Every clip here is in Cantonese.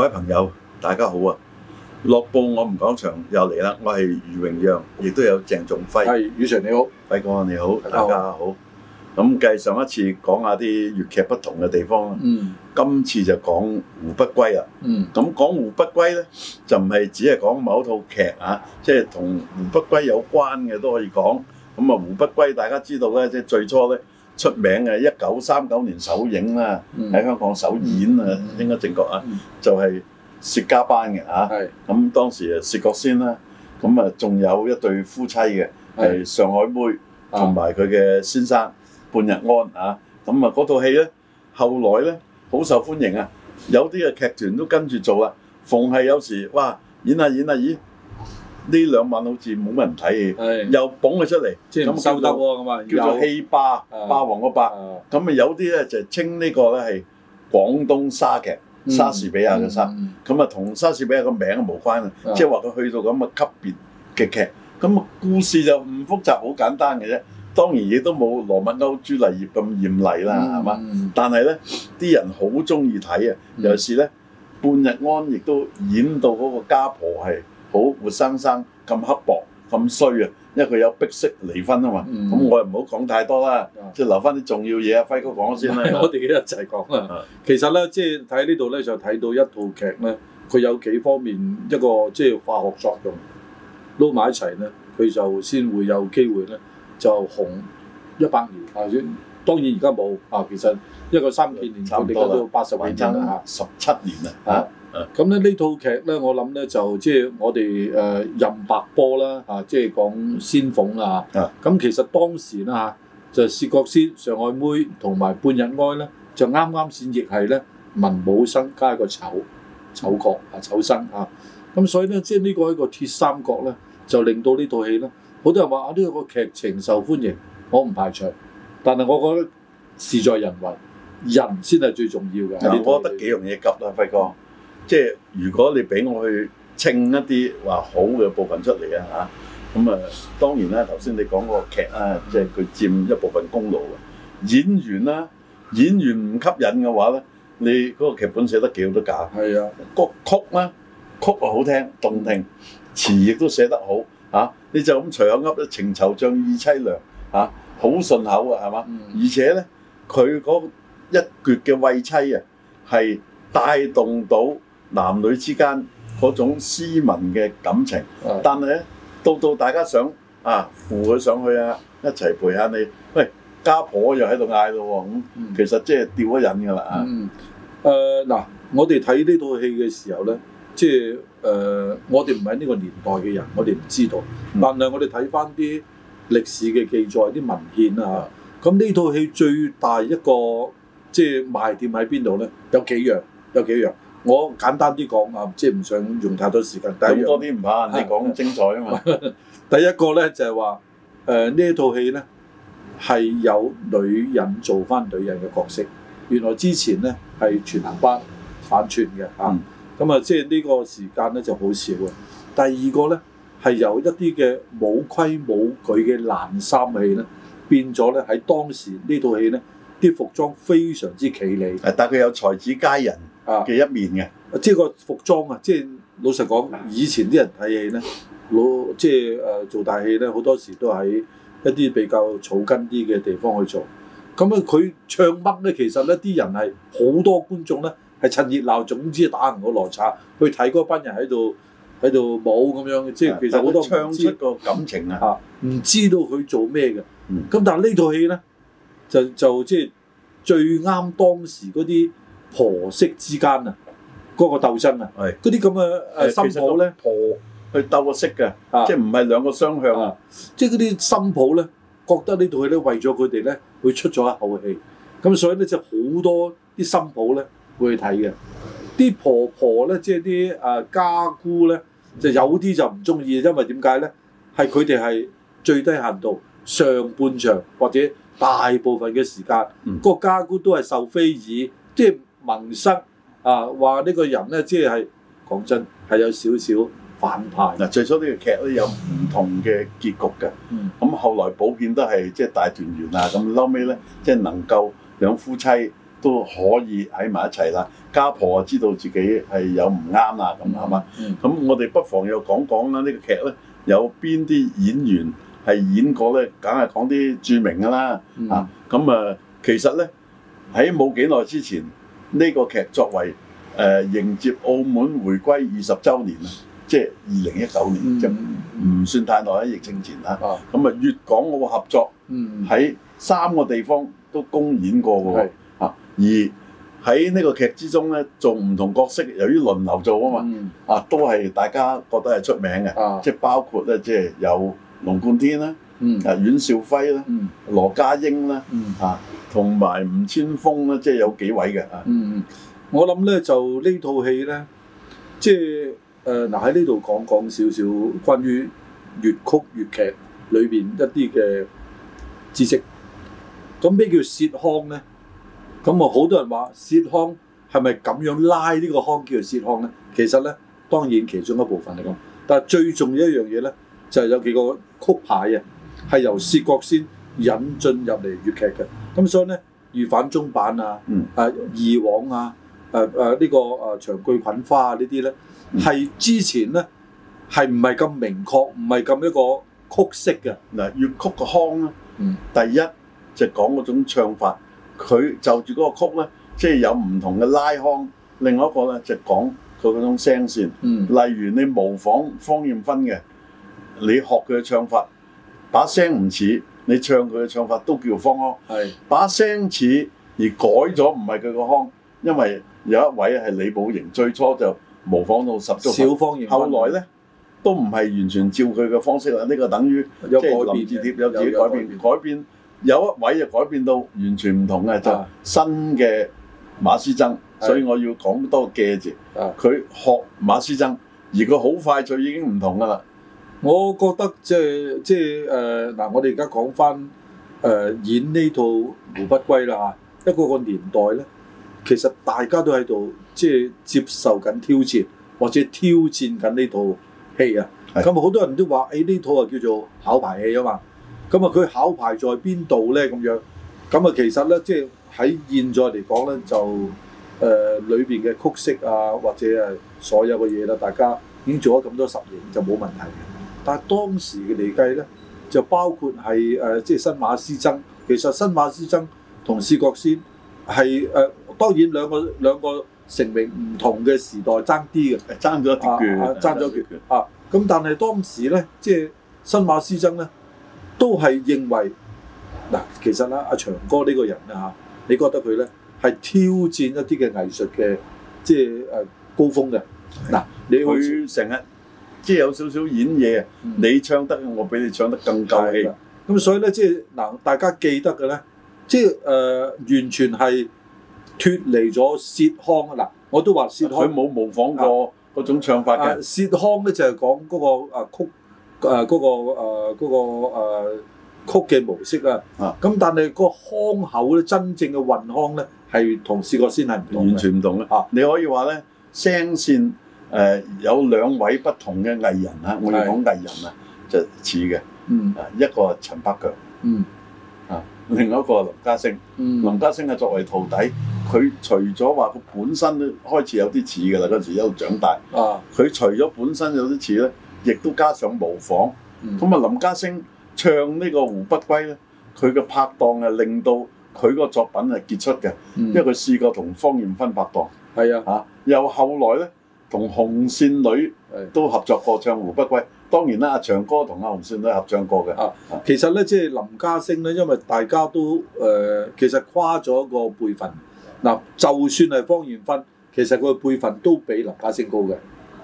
各位朋友，大家好啊！樂報我們講場又嚟啦，我係余榮陽，亦都有鄭仲輝。係余 sir，你好，輝哥你好，大家好。咁繼上一次講下啲粵劇不同嘅地方，嗯，今次就講《胡不歸》啊。嗯，咁講《胡不歸》呢，就唔係只係講某一套劇啊，即係同《胡不歸》有關嘅都可以講。咁啊，《胡不歸》大家知道呢，即係最初呢。出名嘅一九三九年首映啦，喺香港首演啊，應該正確啊，就係薛家班嘅啊。咁當時啊，薛覺先啦，咁啊仲有一對夫妻嘅係上海妹同埋佢嘅先生半日安啊。咁啊嗰套戲咧，後來咧好受歡迎啊，有啲嘅劇團都跟住做啊。逢係有時哇，演下演下演。呢兩晚好似冇乜人睇嘅，又捧佢出嚟，即係唔收得喎咁啊！叫做戲霸，霸王個霸。咁啊有啲咧就稱呢個咧係廣東沙劇，莎士比亞嘅沙。咁啊同莎士比亞個名啊冇關啊，即係話佢去到咁嘅級別嘅劇，咁啊故事就唔複雜，好簡單嘅啫。當然亦都冇羅密歐朱麗葉咁嚴厲啦，係嘛？但係咧啲人好中意睇啊，尤其是咧半日安亦都演到嗰個家婆係。好活生生咁刻薄咁衰啊！因為佢有逼式離婚啊嘛，咁、嗯、我又唔好講太多啦，即係、嗯、留翻啲重要嘢啊輝哥講先啦， 我哋一齊講啊。其實咧，即係睇呢度咧就睇到一套劇咧，佢有幾方面一個即係、就是、化學作用撈埋一齊咧，佢就先會有機會咧就紅一百年。嗯、當然而家冇啊，其實一個三四年，我哋嗰八十幾年，年，年啊，十七年啊嚇。咁咧呢套劇咧，我諗咧就即係、就是、我哋誒、呃、任白波啦，啊即係、就是、講仙鳳啦。啊、嗯，咁、嗯、其實當時咧嚇、啊、就薛覺先、上海妹同埋半日安咧，就啱啱先亦係咧文武生加一個丑丑角啊，丑生啊。咁所以咧，即係呢個一個鐵三角咧，就令到套呢套戲咧，好多人話啊呢、這個劇情受歡迎，我唔排除，但係我覺得事在人為，人先係最重要嘅。嗯、我覺得幾容易夾啊，輝哥。即係如果你俾我去稱一啲話好嘅部分出嚟啊嚇，咁啊當然啦，頭先你講個劇啦，即係佢佔一部分功勞嘅。演員啦，演員唔吸引嘅話咧，你嗰個劇本寫得幾好都假。係啊，個曲啦，曲啊好聽動聽，詞亦都寫得好嚇。你就咁隨口噏，情愁仗義悽涼嚇，好順口啊係嘛？而且咧佢嗰一闋嘅慰妻啊，係帶動到。男女之間嗰種斯文嘅感情，的但係咧到到大家想啊扶佢上去啊，一齊陪下你，喂家婆又喺度嗌咯咁，嗯、其實即係掉咗癮噶啦啊！嗱、嗯呃呃，我哋睇呢套戲嘅時候咧，即係、呃、我哋唔係呢個年代嘅人，我哋唔知道，但係我哋睇翻啲歷史嘅記載、啲文獻啊，咁呢套戲最大一個即係賣點喺邊度咧？有幾樣？有幾樣？我簡單啲講啊，即係唔想用太多時間。咁多啲唔怕，的你講精彩啊嘛！ 第一個咧就係話，誒、呃、呢一套戲咧係有女人做翻女人嘅角色。原來之前咧係全行班反串嘅、嗯、啊，咁啊即係呢個時間咧就好少嘅。第二個咧係由一啲嘅冇規冇矩嘅爛衫戲咧變咗咧喺當時這呢套戲咧啲服裝非常之企理，誒，但係佢有才子佳人。嘅一面嘅，即係個服裝啊！即、啊、係、就是、老實講，以前啲人睇戲咧，老即係誒做大戲咧，好多時都喺一啲比較草根啲嘅地方去做。咁、嗯、啊，佢、嗯嗯嗯嗯、唱乜咧？其實咧，啲人係好多觀眾咧，係趁熱鬧，總之打個落擦去睇嗰班人喺度喺度舞咁樣嘅。即係其實好多是，唱出個感情啊，唔知道佢做咩嘅。咁、嗯嗯嗯、但係呢套戲咧，就就即係最啱當時嗰啲。婆媳之間啊，嗰個鬥爭啊，係嗰啲咁嘅誒新抱咧，婆去鬥個媳嘅，即係唔係兩個雙向啊？即係嗰啲新抱咧，覺得呢套戲咧為咗佢哋咧，會出咗一口氣，咁所以咧就好多啲新抱咧會去睇嘅。啲婆婆咧，即係啲誒家姑咧，就有啲就唔中意，因為點解咧？係佢哋係最低限度上半場或者大部分嘅時間，個、嗯、家姑都係受非議，即係。民生啊，話呢個人咧，即係講真係有少少反派。嗱，最初呢個劇都有唔同嘅結局嘅。咁、嗯、後來普遍都係即係大團圓啊。咁嬲尾咧，即、就、係、是、能夠兩夫妻都可以喺埋一齊啦。家婆啊知道自己係有唔啱啊，咁係嘛？咁、嗯、我哋不妨又講講啦，呢個劇咧有邊啲演員係演過咧，梗係講啲著名㗎啦。啊、嗯，咁啊，其實咧喺冇幾耐之前。呢個劇作為誒迎接澳門回歸二十週年啊，即係二零一九年，就唔算太耐，喺疫情前啦。咁啊，粵港澳合作喺三個地方都公演過喎。啊，而喺呢個劇之中咧，做唔同角色，由於輪流做啊嘛，啊都係大家覺得係出名嘅，即係包括咧，即係有龍貫天啦，啊阮兆輝啦，羅家英啦，啊。同埋吳千峰，咧，即係有幾位嘅嚇。嗯嗯，我諗咧就這戲呢套戲咧，即係誒嗱喺呢度講講少少關於粵曲粵劇裏邊一啲嘅知識。咁咩叫薛腔咧？咁啊，好多人話薛腔係咪咁樣拉這個呢個腔叫做薛腔咧？其實咧，當然其中一部分嚟講，但係最重要一樣嘢咧，就係、是、有幾個曲牌啊，係由薛覺先引進入嚟粵劇嘅。咁所以咧，如反中板啊，誒二簧啊，誒誒呢個誒長句滾花啊呢啲咧，係、嗯、之前咧係唔係咁明確，唔係咁一個曲式嘅。嗱、呃，粵曲嘅腔咧，嗯、第一就講嗰種唱法，佢就住嗰個曲咧，即、就、係、是、有唔同嘅拉腔。另外一個咧就講佢嗰種聲線。嗯、例如你模仿芳艷芬嘅，你學佢嘅唱法，把聲唔似。你唱佢嘅唱法都叫方腔，係是把聲似而改咗，唔係佢個腔，因為有一位係李寶瑩，最初就模仿到十足小方言。後來咧都唔係完全照佢嘅方式啦，呢、這個等於有個別字帖有自己改變，改變，改變有一位就改變到完全唔同嘅，啊、就新嘅馬師曾，啊、所以我要講多個嘅字，佢、啊、學馬師曾，而佢好快就已經唔同㗎啦。我覺得即係即係誒嗱，我哋而家講翻誒演呢套《胡不歸》啦嚇，一個個年代咧，其實大家都喺度即係接受緊挑戰，或者挑戰緊呢套戲啊。咁好是的 多人都話，誒呢套啊叫做考牌戲啊嘛。咁啊，佢考牌在邊度咧？咁樣，咁啊，其實咧，即係喺現在嚟講咧，就誒裏邊嘅曲式啊，或者係所有嘅嘢啦，大家已經做咗咁多十年，就冇問題嘅。但係當時嘅嚟計咧，就包括係、呃、即係新馬師曾。其實新馬師曾同薛覺先係誒、呃，當然兩個,兩個成名唔同嘅時代爭啲嘅，爭咗一啲，爭咗拳啊！咁、啊啊、但係當時咧，即係新馬師曾咧，都係認為嗱，其實啦，阿長哥呢個人啊吓你覺得佢咧係挑戰一啲嘅藝術嘅即係高峰嘅嗱，佢成日。即係有少少演嘢，你唱得，我比你唱得更夠氣。咁所以咧，即係嗱，大家記得嘅咧，即係誒完全係脫離咗薛腔。嗱，我都話薛腔，佢冇模仿過嗰種唱法嘅。薛腔咧就係講嗰個曲誒嗰、嗰個誒嗰、啊嗰個、曲嘅模式啊。咁但係個腔口咧，真正嘅運腔咧，係同薛覺先係唔同完全唔同嘅。你可以話咧聲線，誒、呃、有兩位不同嘅藝人啊！我哋講藝人啊，是就似嘅。嗯，嗯，啊一個陳百強，嗯，啊另一個林家聲。嗯、林家聲啊，作為徒弟，佢除咗話佢本身開始有啲似嘅啦，嗰陣時一路長大。啊，佢除咗本身有啲似咧，亦都加上模仿。咁啊、嗯，林家聲唱呢、這個《胡不歸》咧，佢嘅拍檔、嗯、啊，令到佢個作品啊傑出嘅。因為佢試過同芳艷芬拍檔。係啊，嚇又後來咧。同紅線女都合作過唱《胡不歸》，當然啦，阿長哥同阿紅線女都合唱過嘅。啊，其實咧，即、就、係、是、林家聲咧，因為大家都誒、呃，其實跨咗個輩分。嗱、啊，就算係芳艷芬，其實佢嘅輩分都比林家聲高嘅。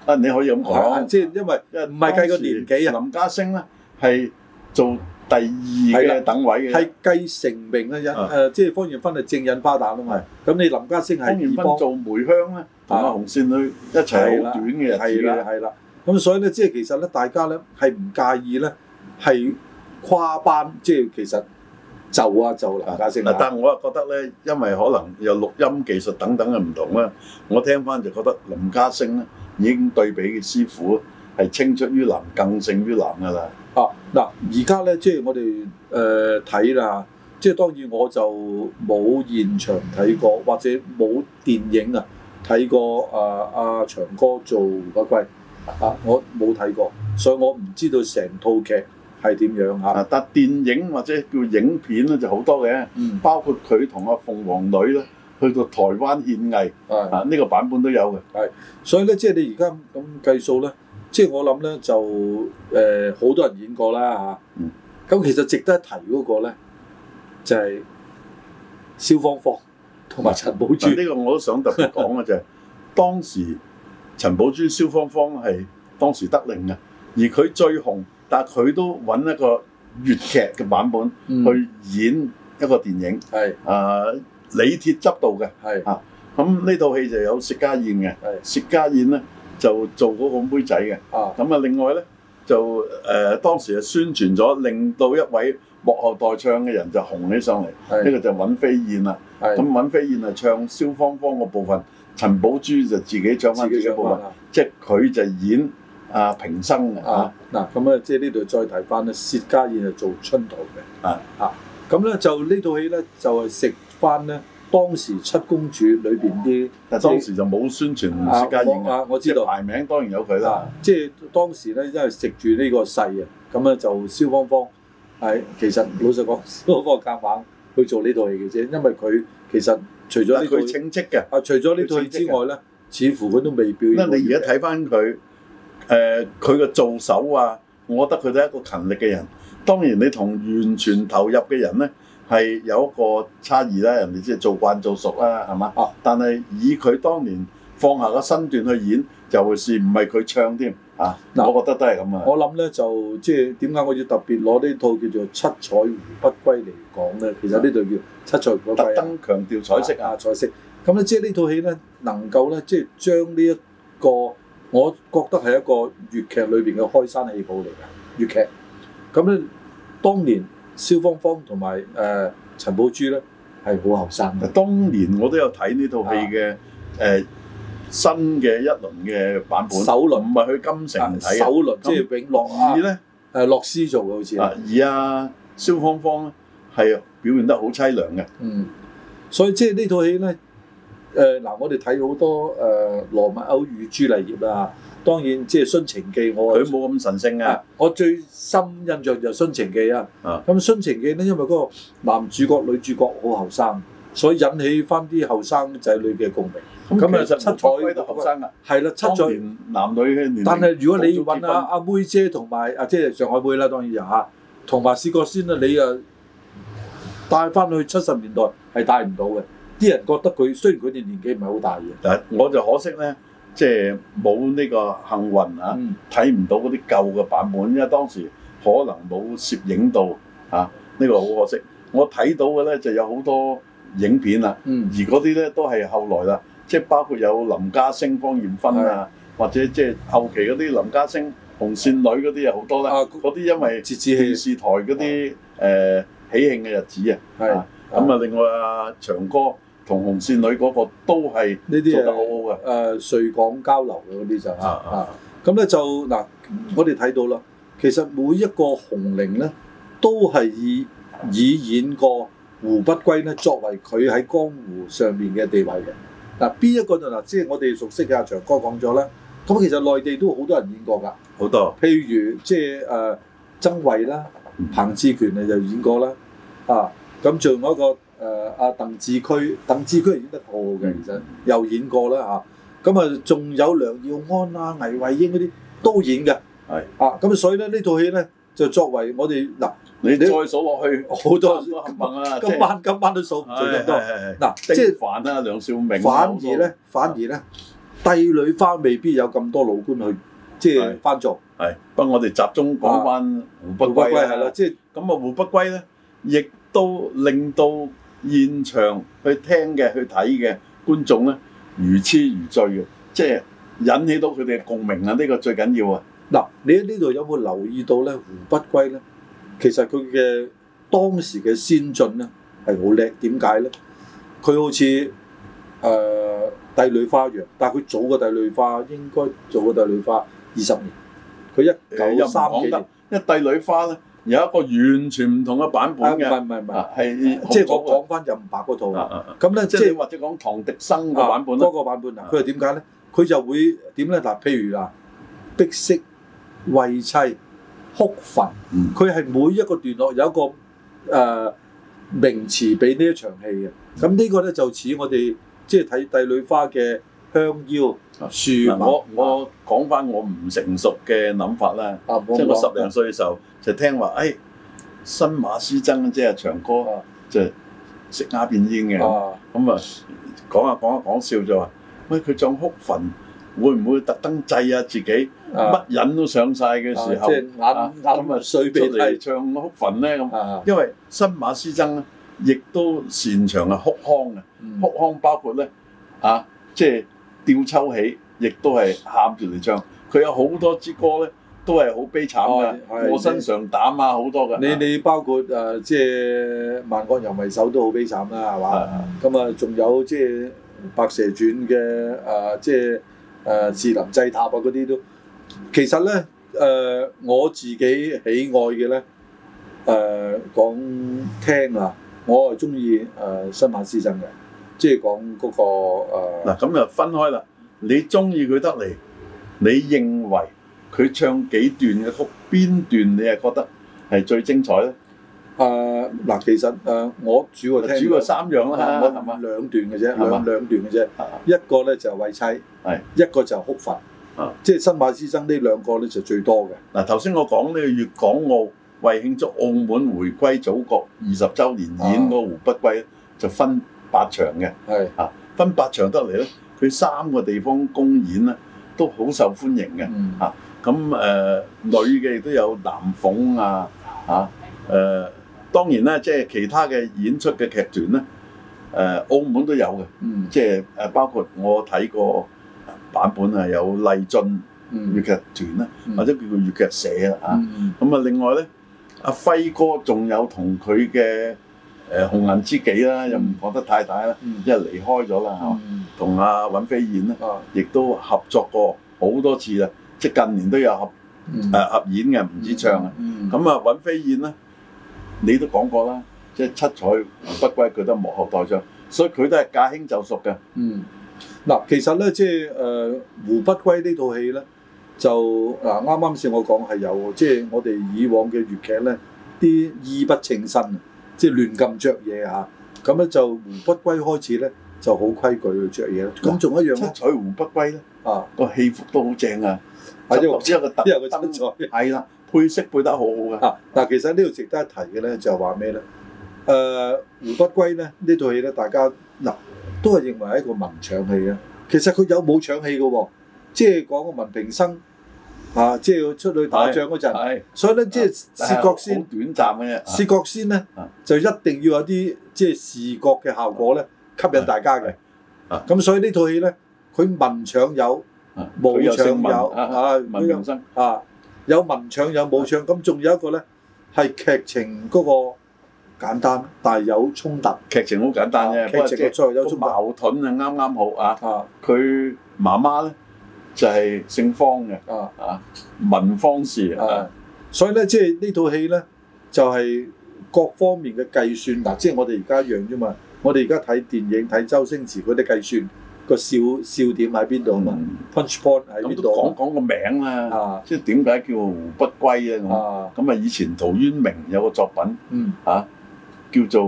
啊，你可以咁講，即係、啊就是、因為唔係計個年紀啊，林家聲咧係做第二嘅等位嘅。係繼成名人啊，誒、啊，即、就、係、是、芳艷芬係正印花旦啊嘛。咁你林家聲係芳艷芬方做梅香咧。同啊紅線女一齊，好短嘅日子啦，係啦。咁所以咧，即係其實咧，大家咧係唔介意咧，係跨班，即係其實就啊就林家聲啊。但我又覺得咧，因為可能有錄音技術等等嘅唔同啦，我聽翻就覺得林家聲咧已經對比嘅師傅係青出於藍，更勝於藍㗎啦。啊，嗱，而家咧即係我哋誒睇啦，即係、呃、當然我就冇現場睇過，嗯、或者冇電影啊。睇過啊啊長哥做胡不歸啊，我冇睇過，所以我唔知道成套劇係點樣嚇。啊，但電影或者叫影片咧就好多嘅，嗯、包括佢同阿鳳凰女咧去到台灣獻藝，是啊，呢、這個版本都有嘅，係。所以咧，即、就、係、是、你而家咁計數咧，即、就、係、是、我諗咧就誒好、呃、多人演過啦嚇，咁、啊嗯、其實值得提嗰個咧就係、是、蕭芳芳，同埋陳寶珠，呢是個我都想特別講嘅就係、是、 當時陳寶珠、蕭芳芳係當時得令嘅，而佢最紅，但係佢都揾一個粵劇嘅版本去演一個電影。係、嗯、啊，是李鐵執導嘅。係是啊，咁呢套戲就有薛家燕嘅。係是薛家燕咧就做嗰個妹仔嘅。啊，咁啊另外咧就誒、呃、當時就宣傳咗，令到一位。幕後代唱嘅人就紅起上嚟，呢個就尹飛燕啦。咁尹飛燕啊唱蕭芳芳個部分，陳寶珠就自己唱翻自己嘅部分。即係佢就演阿平生啊。嗱咁啊，即係呢度再提翻咧，薛家燕係做春桃嘅啊嚇。咁咧就呢套戲咧就係食翻咧當時七公主裏邊啲，當時就冇宣傳薛家燕啊我知道，排名當然有佢啦。即係當時咧因為食住呢個勢啊，咁咧就蕭芳芳。係，其實老實講，都幫我夾硬去做呢套戲嘅啫，因為佢其實除咗佢稱職嘅，啊，除咗呢套之外咧，似乎佢都未表演。你而家睇翻佢，誒、呃，佢嘅做手啊，我覺得佢都係一個勤力嘅人。當然，你同完全投入嘅人咧，係有一個差異啦、啊。人哋即係做慣做熟啦、啊，係嘛？哦、啊。但係以佢當年放下個身段去演，尤其是唔係佢唱添。啊！嗱、啊，我覺得都係咁啊！我諗咧就即係點解我要特別攞呢套叫做《七彩胡不歸》嚟講咧？其實呢套叫七彩胡不歸。特登，強、啊、調彩色啊，啊，彩色。咁、啊、咧，即係呢套戲咧，能夠咧，即係將呢一個，我覺得係一個粵劇裏邊嘅開山戲寶嚟嘅粵劇。咁咧，當年蕭芳芳同埋誒陳寶珠咧係好後生嘅。當年我都有睇呢套戲嘅誒。啊呃新嘅一輪嘅版本，首輪唔係去金城睇、啊、首輪即係永樂二、啊、咧，誒呢、啊、洛斯做嘅好似啊。二啊，蕭芳芳咧係表現得好凄涼嘅。嗯，所以即係呢套戲咧，誒、呃、嗱，我哋睇好多誒、呃、羅密歐與朱麗葉啊，當然即係《殉情記》，我佢冇咁神聖啊，啊。我最深印象就係《殉情記》啊。咁、啊《殉情記》咧，因為嗰個男主角女主角好後生，所以引起翻啲後生仔女嘅共鳴。咁啊，七彩都學生啊！係啦，七彩男女嘅年代，但係如果你要問阿阿妹姐同埋阿姐上海妹啦，當然啊吓，同埋試過先啦，你啊帶翻去七十年代係帶唔到嘅，啲人覺得佢雖然佢哋年紀唔係好大嘅，但係我就可惜咧，即係冇呢個幸運啊，睇唔、嗯、到嗰啲舊嘅版本，因為當時可能冇攝影到啊，呢、這個好可惜。我睇到嘅咧就有好多影片啦，嗯、而嗰啲咧都係後來啦。即係包括有林家聲、方艷芬啊，或者即係後期嗰啲林家聲、紅線女嗰啲又好多啦。嗰啲因為為電視台嗰啲誒喜慶嘅日子啊，係咁啊，另外啊，長哥同紅線女嗰個都係做得好好嘅。誒穗港交流嘅啲就啊，咁咧就嗱，我哋睇到啦，其實每一個紅伶咧都係以以演過胡不歸咧作為佢喺江湖上面嘅地位嘅。嗱，邊一個就嗱，即係我哋熟悉嘅阿長哥講咗啦。咁其實內地都好多人演過㗎，好多、啊。譬如即係誒、呃、曾慧啦、彭志權啊就演過啦。啊，咁仲有一個誒阿鄧志駒，鄧志駒演得好好嘅，其實又演過啦嚇。咁啊，仲有梁耀安啊、倪惠英嗰啲都演嘅。係的啊，咁所以咧呢套戲咧就作為我哋嗱。你再數落去好多，今晚今晚都數唔盡多。嗱，即係凡啦，梁少明。反而咧，反而咧，帝女花未必有咁多老官去即係翻做。係，不過我哋集中講翻胡不歸係啦。即係咁啊，胡不歸咧，亦都令到現場去聽嘅、去睇嘅觀眾咧，如痴如醉嘅，即係引起到佢哋嘅共鳴啊！呢個最緊要啊。嗱，你喺呢度有冇留意到咧胡不歸咧？其實佢嘅當時嘅先進咧係好叻，點解咧？佢好似誒帝女花一樣，但係佢早過帝女花，應該早過帝女花二十年，佢一九三幾年。因為帝女花咧有一個完全唔同嘅版本嘅，係即係我講翻又任白嗰套。咁咧即係或者講唐滌生版，啊嗰個版本咯，嗰個版本啊。佢點解咧？佢就會點咧？嗱，譬如啊，碧色為妻。哭墳，佢係每一個段落有一個誒名詞俾呢一場戲嘅。咁呢個咧就似我哋即係睇《帝女花》嘅香夭樹。我我講返我唔成熟嘅諗法啦，即係我十零歲嘅時候就聽話，誒新馬師曾即係祥哥就食鴉片煙嘅，咁啊講下講下講笑就話，喂佢仲哭墳。會唔會特登制啊，自己乜癮都上晒嘅時候，咁咁啊衰俾你唱哭墳咧咁。因為新馬師曾咧，亦都擅長啊哭腔嘅，哭腔包括咧啊，即係吊秋喜，亦都係喊住嚟唱。佢有好多支歌咧，都係好悲慘嘅，臥薪嘗膽啊好多嘅。你你包括誒即係萬惡淫為首都好悲慘啦，係嘛？咁啊仲有即係白蛇傳嘅誒即係。誒仕林祭塔啊，嗰啲都其實咧，誒我自己喜愛嘅咧，誒講聽啊，我係中意誒新馬師曾嘅，即係講嗰個誒。嗱，咁就分開啦，你中意佢得嚟，你認為佢唱幾段嘅曲，邊段你係覺得係最精彩咧？誒嗱，其實誒我主要聽主要三樣啦，兩段嘅啫，兩兩段嘅啫。一個咧就慰妻，一個就哭墳，即係新馬師曾呢兩個咧就最多嘅。嗱，頭先我講咧粵港澳為慶祝澳門回歸祖國二十週年演個《胡不歸》，就分八場嘅，嚇，分八場得嚟咧，佢三個地方公演咧都好受歡迎嘅，嚇咁誒女嘅亦都有南鳳啊嚇誒。當然啦，即係其他嘅演出嘅劇團咧，誒澳門都有嘅，嗯，即係誒包括我睇過版本啊，有麗俊粵劇團啦，或者叫做粵劇社啊，咁啊另外咧，阿輝哥仲有同佢嘅誒紅顏知己啦，又唔講得太大啦，因為離開咗啦，嚇，同阿尹飛燕咧，亦都合作過好多次啦，即係近年都有合誒合演嘅，唔知唱啊，咁啊尹飛燕咧。你都講過啦，即係七彩胡不歸，佢都幕後代唱，所以佢都係駕輕就熟嘅。嗯，嗱，其實咧、就是，即係誒《胡不歸》呢套戲咧，就嗱啱啱先我講係有，即、就、係、是、我哋以往嘅粵劇咧，啲意不稱身即係、就是、亂咁著嘢吓，咁、啊、咧就《胡不歸》開始咧就好規矩著嘢。咁仲、啊、一樣、啊、七彩胡不歸呢》咧啊個、啊、戲服都好正啊，即係獨佔一個特特色，係啦。的配色配得好好嘅啊！嗱，其實呢度值得一提嘅咧，就話咩咧？誒《胡不歸》咧呢套戲咧，大家嗱都係認為係一個文場戲嘅。其實佢有武場戲嘅喎？即係講個文平生啊，即係出去打仗嗰陣。係。所以咧，即係視覺先短暫嘅啫。視覺先咧，就一定要有啲即係視覺嘅效果咧，吸引大家嘅。啊。咁所以呢套戲咧，佢文場有，武場有啊。佢又姓文啊。文平生啊。有文唱有武唱，咁仲有一個咧，係劇情嗰、那個簡單，但係有衝突。劇情好簡單啫，啊、劇情再有啲矛盾剛剛啊，啱啱好啊。佢媽媽咧就係、是、姓方嘅啊，啊文方氏啊。啊所以咧，即、就、係、是、呢套戲咧就係、是、各方面嘅計算嗱，即、啊、係、就是、我哋而家一樣啫嘛。我哋而家睇電影睇周星馳嗰啲計算。個笑笑點喺邊度？能 punch point 喺邊度？咁都講講個名啦，即係點解叫胡不歸啊？咁咁啊，以前陶淵明有個作品，嚇叫做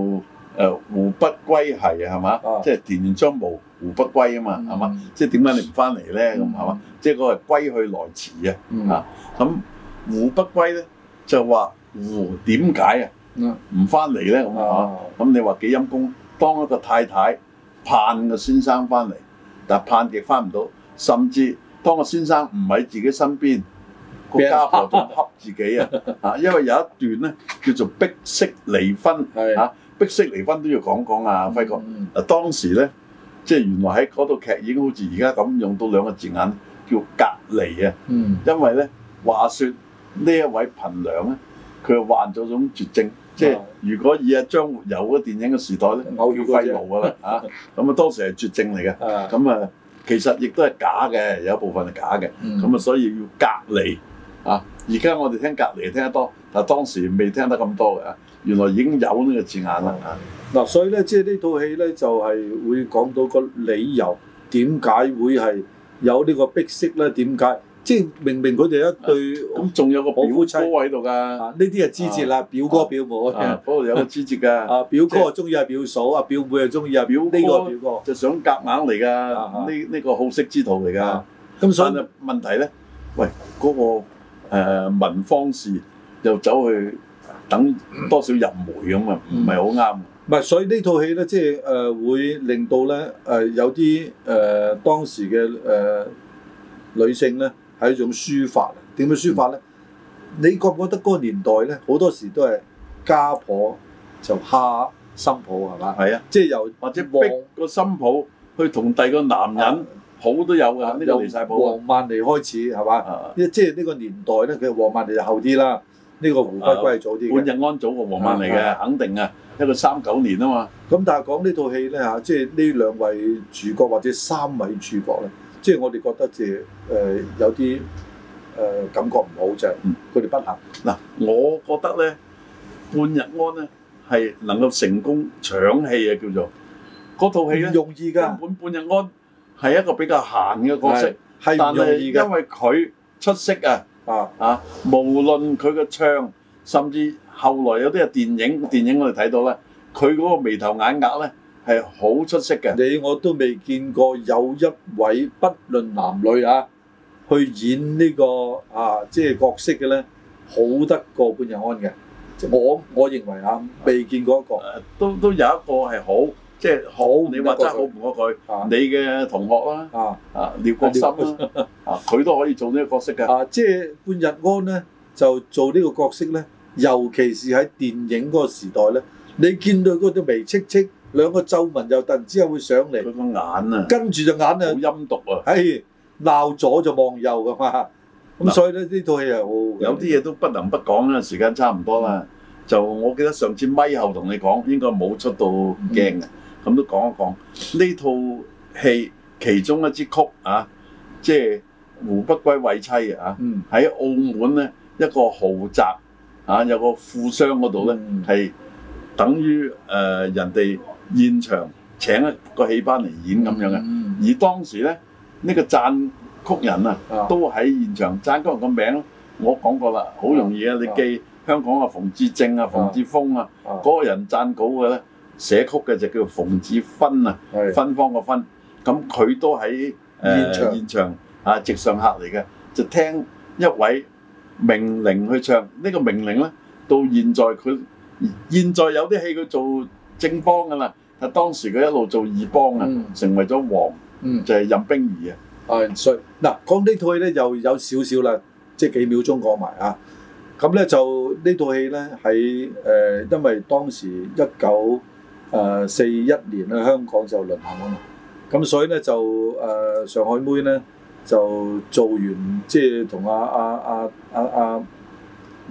誒胡不歸係啊嘛，即係田園將暮，胡不歸啊嘛，係嘛？即係點解你唔翻嚟咧？咁係嘛？即係嗰個係歸去來遲啊！啊咁胡不歸咧，就話胡點解啊唔翻嚟咧？咁啊嚇咁你話幾陰功？當一個太太盼個先生翻嚟。但盼極翻唔到，甚至當個先生唔喺自己身邊，個家婆仲恰自己啊！啊，因為有一段咧叫做逼式離婚，嚇是逼式離婚都要講講啊，輝哥。嗱、嗯、當時咧，即係原來喺嗰套劇已經好似而家咁用到兩個字眼，叫隔離啊。嗯、因為咧話說位呢一位貧娘咧，佢係患咗種絕症。即係如果以阿張學友嘅電影嘅時代咧，叫肺癆㗎啦嚇，咁 啊那當時係絕症嚟嘅。咁啊、嗯、其實亦都係假嘅，有一部分係假嘅，咁啊所以要隔離嚇。而、啊、家我哋聽隔離聽得多，但係當時未聽得咁多嘅，原來已經有呢個字眼啦嚇。嗱、嗯啊，所以咧，即係呢套戲咧就係、是、會講到個理由，點解會係有呢個逼息咧？點解？即係明明佢哋一對，咁仲有個表親喺度㗎。啊，呢啲係枝節啦，表哥表妹啊，嗰度有個枝節㗎。啊，表哥中意係表嫂啊，表妹啊中意係表哥。呢個就想夾硬嚟㗎。呢呢個好色之徒嚟㗎。咁所以問題咧，喂，嗰個誒文芳氏又走去等多少人梅咁啊？唔係好啱。唔係，所以呢套戲咧，即係誒會令到咧誒有啲誒當時嘅誒女性咧。係一種抒法啊？點樣抒法咧？嗯、你覺唔覺得嗰個年代咧，好多時都係家婆就蝦新抱係嘛？係啊，即係由或者逼個新抱去同第二個男人好、啊、都有㗎，呢個、啊、離曬譜。有黃曼梨開始係嘛？是吧，是啊，即係呢個年代咧，佢黃曼梨就後啲啦。呢、這個胡不歸係早啲半、啊、日安早過黃曼梨嘅。啊、肯定啊，一個三九年啊嘛。咁但係講呢套戲咧嚇，即係呢兩位主角或者三位主角咧。即係我哋覺得就誒有啲誒感覺唔好啫，佢哋不行嗱。我覺得咧，半日安咧係能夠成功搶戲啊，叫做嗰套戲咧，容易㗎。根本半日安係一個比較閒嘅角色，係但係因為佢出色啊啊啊，無論佢嘅唱，甚至後來有啲係電影，電影我哋睇到咧，佢嗰個眉頭眼額咧。係好出色嘅。你我都未見過有一位，不論男女啊，去演呢個啊，即係角色嘅咧，好得過半日安嘅。即係我我認為啊，未見過一個都都有一個係好即係好。你話得好唔過佢，你嘅同學啦啊，啊廖國森啦啊，佢都可以做呢個角色嘅啊。即係半日安咧，就做呢個角色咧，尤其是喺電影嗰個時代咧，你見到嗰啲微戚戚。兩個皺紋又突然之後會上嚟，佢個眼啊，跟住隻眼啊，好陰毒啊！係鬧左，左就望右㗎嘛，咁喏所以咧呢套戲啊，那有啲嘢都不能不講啦。時間差唔多啦，嗯、就我記得上次咪後同你講，應該冇出到鏡嘅，咁、嗯、都講一講呢套戲其中一支曲啊，即、就、係、是《胡不歸》慰妻啊，喺、嗯、澳門咧一個豪宅啊，有個富商嗰度咧係等於誒、呃、人哋。現場請一個戲班嚟演咁樣嘅，嗯、而當時呢，呢、呢個撰曲人啊，啊都喺現場。撰曲人個名我講過啦，好、啊、容易啊，你記、啊、香港啊，馮志正啊、馮志峰啊，嗰、啊、個人撰稿嘅呢，寫曲嘅就叫馮志芬啊，是芬芳個芬。咁佢都喺、啊、現場，現場啊，直上客嚟嘅，就聽一位名伶去唱。呢、呢個名伶呢，到現在佢現在有啲戲佢做。正邦噶嘛？啊，當時佢一路做二幫啊，嗯、成為咗王，嗯、就係任冰兒啊。啊，所以嗱講呢套戲咧，又有少少啦，即係幾秒鐘講埋啊。咁、啊、咧就呢套戲咧喺誒，因為當時一九誒四一年咧，香港就淪陷啊嘛。咁所以咧就誒、呃、上海妹咧就做完，即係同阿阿阿阿阿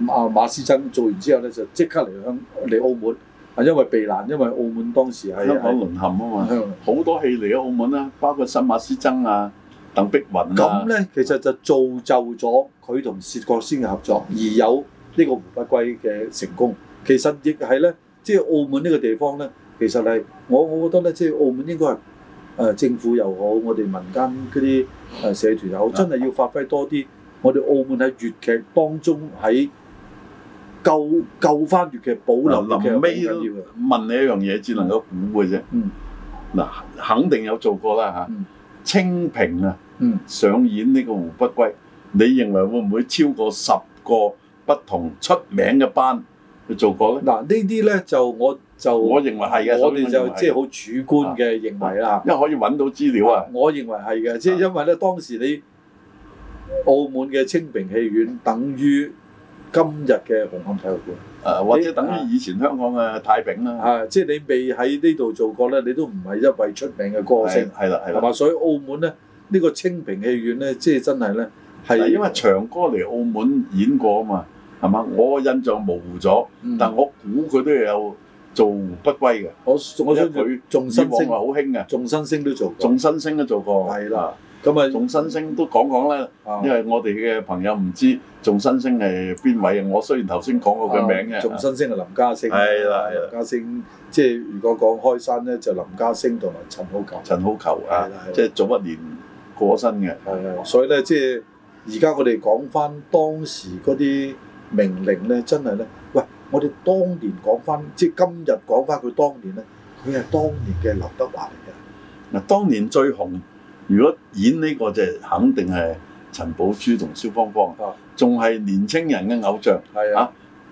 阿馬師曾做完之後咧，就即刻嚟香嚟澳門。因為避難，因為澳門當時係香港淪陷啊嘛，好在多戲嚟喺澳門啦、啊，包括新馬師曾啊、鄧碧雲啊。咁咧，其實就造就咗佢同薛覺先嘅合作，而有呢個胡不歸嘅成功。其實亦係咧，即係澳門呢個地方咧，其實係我我覺得咧，即係澳門應該係誒政府又好，我哋民間嗰啲誒社團又好，的真係要發揮多啲。我哋澳門喺粵劇當中喺。救救翻粵劇，保留粵劇，臨尾問你一樣嘢，只能夠估嘅啫。嗯，嗱，肯定有做過啦嚇。嗯，清平啊，上演呢個《胡不歸》，嗯，你認為會唔會超過十個不同出名嘅班去做過咧？嗱，呢啲咧就我就我認為係嘅。我哋就即係好主觀嘅認為啦。因為可以揾到資料啊。我認為係嘅，即係因為咧當時你澳門嘅清平戲院等於，今日嘅紅磡體育館，誒、啊、或者等於以前香港嘅太平啦，啊，即係你未喺呢度做過咧，你都唔係一位出名嘅歌星，係啦係啦。係嘛？所以澳門咧，呢、這個清平戲院咧，即係真係咧係因為長哥嚟澳門演過啊嘛，係嘛？的我印象模糊咗，嗯、但我估佢都有做不歸嘅。我想我想佢頌新聲係好興嘅，頌新聲都做過，頌新聲都做過，係啦。咁啊，頌新聲都講講啦，因為我哋嘅朋友唔知頌新聲係邊位啊？我雖然頭先講過佢名嘅，頌新聲係林家聲。係啦，林家聲，即係如果講開山咧，就林家聲同埋陳好逑，陳好逑啊，即係早一年過咗身嘅。係係，所以咧，即係而家我哋講翻當時嗰啲名伶咧，真係咧，喂，我哋當年講翻，即係今日講翻佢當年咧，佢係當年嘅劉德華嚟嘅。嗱，當年最紅。如果演呢、呢個就肯定係陳寶珠同蕭芳芳仲係年青人嘅偶像，嚇的，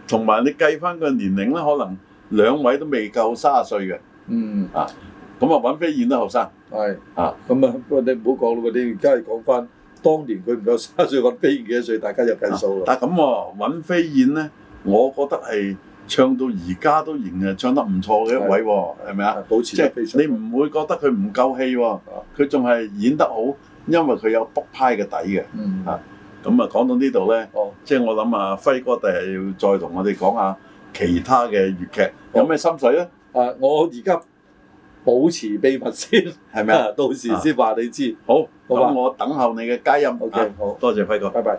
同埋、啊、你計翻個年齡咧，可能兩位都未夠卅歲嘅，嗯，啊，咁啊尹飛燕都後生，係的，啊，咁啊，不過你唔好講嗰啲，而家係講翻當年佢唔夠卅歲，我比幾多歲，大家就計數啦、啊。但係咁喎，尹飛燕咧，我覺得係。唱到而家都仍然唱得唔錯嘅一位喎，係咪啊？保持即係你唔會覺得佢唔夠氣喎，佢仲係演得好，因為佢有北派嘅底嘅。嗯啊，咁啊講到呢度咧，即係我諗啊輝哥第日要再同我哋講下其他嘅粵劇，有咩心水咧？誒，我而家保持秘密先，係咪啊？到時先話你知。好，咁我等候你嘅佳音。OK，好多謝輝哥，拜拜。